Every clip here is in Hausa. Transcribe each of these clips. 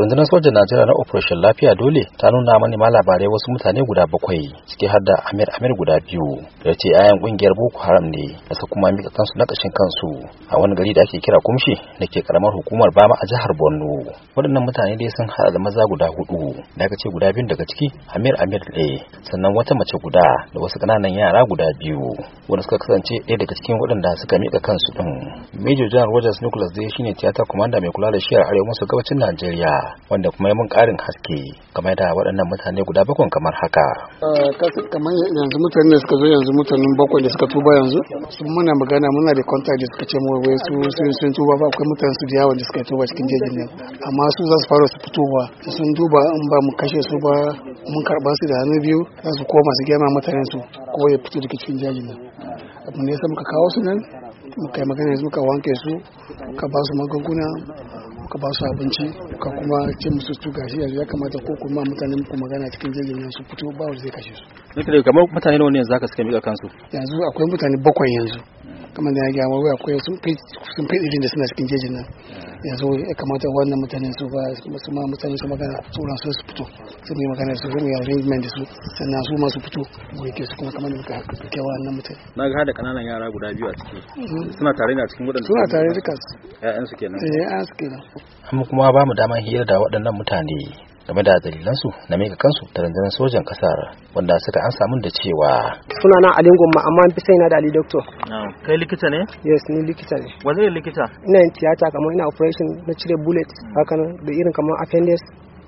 rundunar sojan najeriya na operation lafiya dole ta nuna mani ma labarai wasu mutane guda bakwai ciki har da amir amir guda biyu da ce yayan kungiyar boko haram ne da su kuma mika kansu na kashin kansu a wani gari da ake kira kumshi da ke karamar hukumar bama a jihar borno waɗannan mutane dai sun haɗa da maza guda hudu da aka ce guda biyu daga ciki amir amir ɗaya sannan wata mace guda da wasu ƙananan yara guda biyu wanda suka kasance ɗaya daga cikin waɗanda suka mika kansu din. major general rogers nicholas dai shine tiyata commander mai kula da shiyar arewa maso gabacin najeriya wanda kuma ya mun karin haske Kamar da waɗannan mutane guda bakwai kamar haka eh, kamar yanzu mutane suka zo yanzu mutanen bakwai da suka tuba yanzu sun muna magana muna da kwanta da suka ce mu wai su sun tuba ba akwai mutane su da yawa da suka tuba cikin jejin nan amma su za su fara su fitowa sun duba in ba mu kashe su ba mun karɓa su da hannu biyu za su koma su gyama mutanen su ko ya fito daga cikin jejin nan abu ne ya muka kawo su nan muka yi magana yanzu muka wanke su muka ba su magunguna ka ba su abinci ka kuma ce musu su gashi yanzu ya kamata ko kuma mutane ku magana cikin jirgin su fito ba wanda zai kashe su. Duk da kamar mutane nawa ne yanzu haka suka mika kansu. Yanzu akwai mutane bakwai yanzu. kamar da ya gyama wai akwai sun fi irin da suna cikin jejin nan yanzu ya kamata wannan mutanen su ba su ma mutanen su magana tsoron su su fito su mai magana su zama arrangement da su sannan su masu fito fito goyi su kuma kamar da muka kake wannan mutane na ga da kananan yara guda biyu a ciki mm-hmm. suna tare ne a cikin waɗanda suna tare duka su ya'yan su kenan eh ƴaƴan su kenan amma kuma ba mu daman hira da waɗannan mutane game da dalilansu na mika kansu da rundunar sojan kasar wanda suka an samu da cewa sunana alin gomma amma an fi sai na da ali doctor kai likita ne yes ni likita ne wani likita ina yin tiyata kamar ina operation na cire bullet haka da irin kamar appendix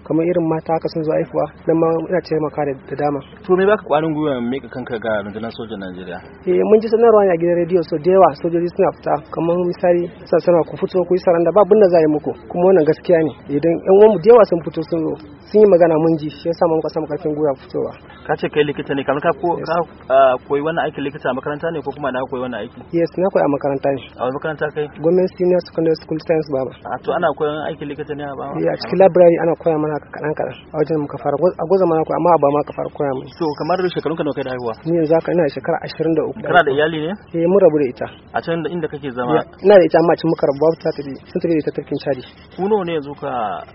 kamar irin mata haka sun zo haihuwa don ma ina taimaka da dama to me baka kwarin gwiwa mai kanka ga rundunar sojan Najeriya eh mun ji sanarwa ne a gidan rediyo so da yawa sojoji suna fita kamar misali sa sanarwa ku fito ku yi saranda ba bunda za a yi muku kuma wannan gaskiya ne idan yan uwanmu da yawa sun fito sun zo sun yi magana mun ji shi yasa muka samu karfin gwiwa fitowa ka ce kai likita ne kamar ka ko ka koyi wannan aikin likita a makaranta ne ko kuma na koyi wannan aiki yes na koyi a makaranta ne a wani makaranta kai gwamnati senior secondary school science baba a to ana koyon aikin likita ne a baba eh, a cikin library ana koya mana mana ka kaɗan kaɗan a wajen muka fara a gwaza mana ko amma ba ma ka fara koya mai to kamar shekarun ka nawa kai da haihuwa ni yanzu haka ina shekara 23 kana da iyali ne eh mun rabu da ita a can inda kake zama ina da ita amma cin muka rabu ta tafi sun tafi da ita tarkin chadi ku nawa ne yanzu ka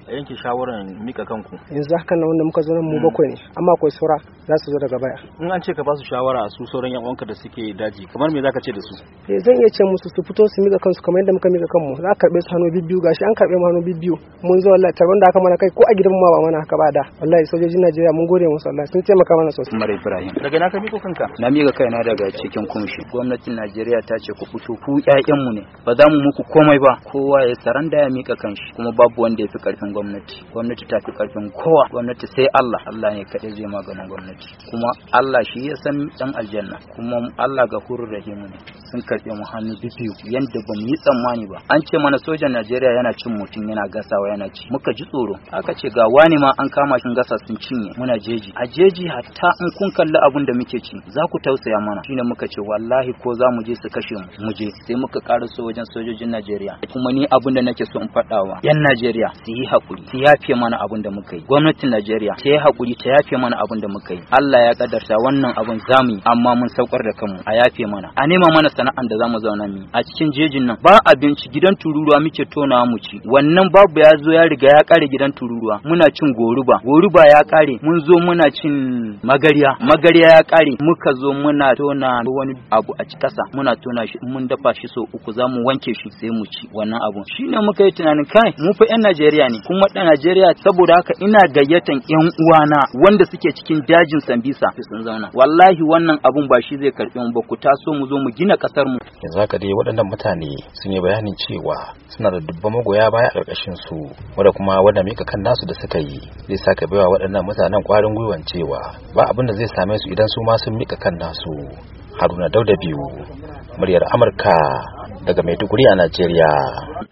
yanke shawaran mika kanku yanzu haka na wanda muka zo nan mu hmm. bakwai ne amma akwai saura za su zo daga baya in an ce ka ba su shawara su sauran yan uwanka da suke daji kamar me za ka ce da su eh zan iya ce musu su fito su mika kansu kamar yadda muka mika kanmu za ka karbe su hannu bibbiyu gashi an karbe mu hannu bibbiyu mun zo wallahi tarban da aka mana kai ko a ba mana haka ba da wallahi sojojin Najeriya mun gode musu wallahi sun taimaka mana sosai Umar Ibrahim daga na ka miko kanka na miƙa kaina daga cikin kunshi gwamnatin Najeriya ta ce ku fito ku ƴaƴan mu ne ba za mu muku komai ba kowa ya saranda ya mika kanshi kuma babu wanda ya fi karfin gwamnati gwamnati ta fi karfin kowa gwamnati sai Allah Allah ne kaɗai zai maganin gwamnati kuma Allah shi ya san dan aljanna kuma Allah ga rahimu ne sun karfe mu hannu biyu yadda ba mu yi tsammani ba an ce mana sojan najeriya yana cin mutum yana gasawa yana ci muka ji tsoro aka ce ga wani ma an kama shi gasa sun cinye muna jeji a jeji hatta in kun kalli abin da muke ci za ku tausaya mana shine muka ce wallahi ko za mu je su kashe mu mu je sai muka karaso wajen sojojin najeriya kuma ni abin da nake so in faɗawa yan najeriya su yi hakuri su yafe mana abin da muka yi gwamnatin najeriya ta yi hakuri ta yafe mana abun da muka yi allah ya kaddarta wannan abin zamu yi amma mun saukar da kanmu a yafe mana a nema mana sana'an da zamu zauna mu a cikin jejin nan ba abinci gidan tururuwa muke tonawa mu ci wannan babu ya zo ya riga ya kare gidan tururuwa muna cin goruba goruba ya kare mun zo muna cin magarya magarya ya kare muka zo muna tona wani abu a kasa muna tona shi mun dafa shi so uku zamu wanke shi sai mu ci wannan abun shine muka yi tunanin kai mu fa yan Najeriya ne kuma dan Najeriya saboda haka ina gayyatan yan uwana wanda suke cikin dajin Sambisa sun zauna wallahi wannan abun ba shi zai karbi mu ba ku taso mu zo mu gina kasar mu yanzu haka dai waɗannan mutane sun yi bayanin cewa suna da dubban magoya baya a ƙarƙashin su wanda kuma wanda mika kan nasu da suka yi zai saka baiwa waɗannan mutanen ƙwarin gwiwan cewa ba abin da zai same su idan su ma sun mika kan nasu haruna dauda biyu muryar amurka daga maiduguri a najeriya